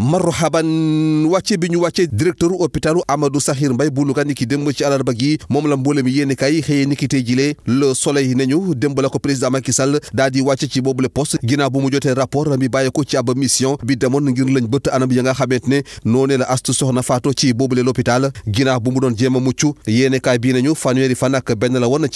marhaban wàcce bi ñu wàcce directeur hôpitalu Amadou Sakhir Mbaye bu Louga ni ki démb ci àllarba gi moom la mboolem yéeni kay xëyee ni ki tey jile le soleil nañu démb la ko président Macky Sall daa di wàcce ci boobule poste ginnaaw bu mu jotee rapport mi bàyyi ko ci ab mission bi demoon ngir lañ bëtt anam ya nga xamante ne noonee la astu soxna faato ci boobule l'hôpital ginnaaw bu mu doon jéem a mucc yéeni kaay bii nañu fanweeri fan ak benn la woon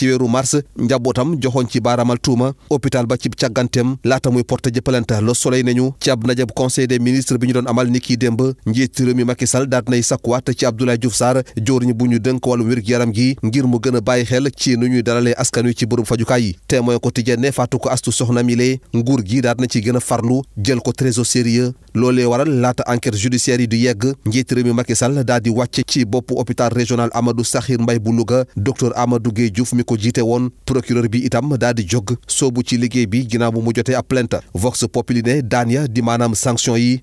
njabootam joxoon ci baaramal tuuma hôpital ba ci càgganteem laata muy porte ji plainte le soleil nañu ñu doon amal ni kii démb njiit réew mi Macky nay sakkuwaat ci Abdoulaye Diouf Sarr jóoriñ bu ñu dënk wàllum wér yaram gi ngir mu gën a bàyyi xel ci nu ñuy dalalee askan wi ci bërëb fajukaay yi te témoin quotidien ne faatu ko astu soxna mi lee nguur gi daat na ci gën a farlu jël ko très au sérieux loolee waral laata enquête judiciaire yi du yegg njiit réew mi Macky Sall daal di wàcc ci boppu hôpital régional Amadou Sakhir mbay bu Louga docteur Amadou Gueye Diouf mi ko jiite woon procureur bi itam daal di jóg soobu ci liggéey bi ginnaaw bu mu jotee ab plainte vox populi ne daan ya di maanaam sanction yi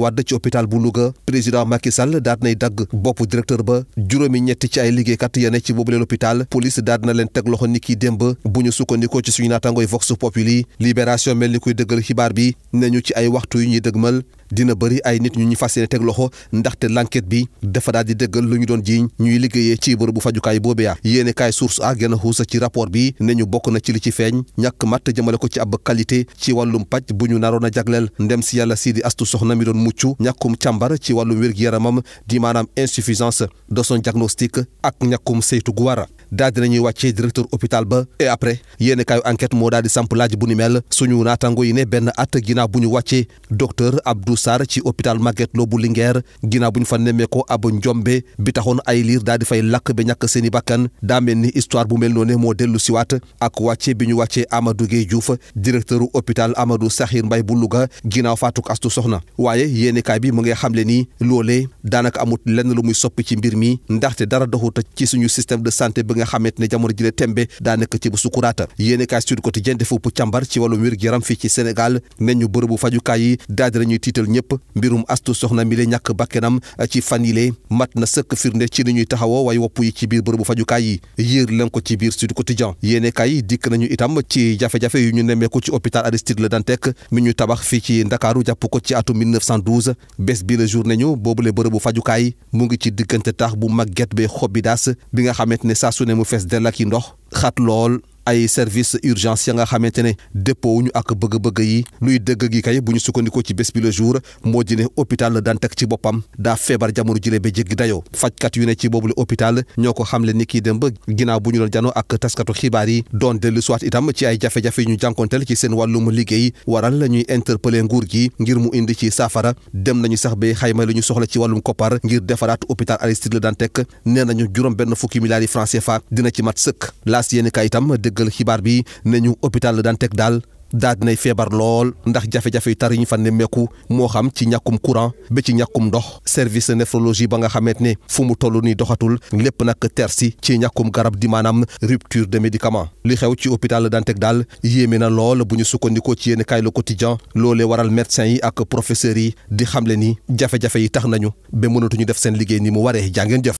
Wade ci hôpital bu Louga président Macky Sall daat nay dagg bopp directeur ba juróomi ñetti ci ay liggéeykat yene ci boobu leen hôpital police daat na leen teg loxo ni kii démb bu ñu sukkandikoo ci suñu naatangooy Vox Populi libération mel ni kuy dëggal xibaar bi nañu ci ay waxtu yu ñuy dëgmal dina bëri ay nit ñu ñu fas yéene teg loxo ndaxte l'enquête bi dafa daal di dëggal lu ñu doon jiiñ ñuy liggéeyee ci bu fajukaay boobee yaa yéene kaay source a gën a xuusa ci rapport bi ne ñu bokk na ci li ci feeñ ñàkk matt jëmale ko ci ab qualité ci wàllum paj bu ñu naroon a jagleel ndem si yàlla siidi astu soxna mi doon muccu ñàkkum càmbar ci wàllum wér-gi-yaramam di maanaam insuffisance de son diagnostic ak ñàkkum saytu gu wara daal dinañuy wàccee directeur hôpital ba et après yéeni kaayu enquête moo daal di samp laaj bu ni mel suñu naatango yi ne benn at ginnaaw bu ñu wàccee docteur Abdou Sarr ci hôpital Magatte Lô bu Linguère ginnaaw bu ñu fa nemmee ko njombe bi taxoon ay liir daal di fay lakk ba ñàkk seen i bakkan mel ni histoire bu mel noone moo dellu siwaat ak wàcce bi ñu wàccee Amadou Gueye Diouf directeur hôpital Amadou Sakhir Mbaye bu Louga ginnaaw faatuk astu soxna waaye yéeni bi mu ngi xamle ni loole daanaka amut lenn lu muy soppi ci mbir mi ndaxte dara doxut ci suñu système de santé nga xamante ne jamono ji la tembe daanaka ci bu sukuraata yéen kaay Sud Quotidien def ëpp càmbar ci wàllum wér gi yaram fii ci Sénégal ne ñu bërëbu fajukaay yi daal dinañuy ci fan yile mat na sëkk firnde ci ni ñuy taxawoo way wopp yi ci biir bërëbu fajukaay yi yéer lan ko ci biir Sud Quotidien yéen kaay dikk nañu itam ci jafe-jafe yu ñu nemmeeku ci hôpital Aristide Le Dantec mi ñu tabax fii ci Ndakaaru jàpp ko ci atum 1912 bi la jour nañu boobule bërëbu fajukaay mu ngi ci diggante taax bu magget bee xob bi nga xamante ne saa ne mu fees dell ak i ndox xat lool ay service urgence ya nga xamante ne dëppoo ak bëgg-bëgg yi luy dëgg gi kay bu ñu sukkandikoo ci bés bi le jour moo di opital hôpital la Dantec ci boppam daa feebar jamono jile ba jéggi faj fajkat yu ne ci boobu le hôpital ñoo ko xam xamle ni kii dem ba ginnaaw bu ñu doon janoo ak taskatu xibaar yi doon dellu soit itam ci ay jafe-jafe yu ñu jànkonteel ci seen wàllum liggéey waral la ñuy interpeller nguur gi ngir mu indi ci saafara dem nañu sax ba xayma la ñu soxla ci wàllum koppar ngir defaraat hôpital Aristide Le Dantec nee nañu juróom benn fukki milliards yi francs CFA dina ci mat sëkk dëggal xibaar bi ne ñu hôpital la daan daal daal feebar lool ndax jafe-jafe yi ñu fa nemmeeku moo xam ci ñàkkum courant ba ci ñàkkum ndox service néphrologie ba nga xamante ne fu mu toll nii doxatul lépp nag tersi ci ñàkkum garab di maanaam rupture de médicament li xew ci hôpital Dantec daal yéeme na lool bu ñu sukkandikoo ci yéen kaay le quotidien loolee waral médecins yi ak professeurs yi di xamle ni jafe-jafe yi tax nañu ba mënatuñu def seen liggéey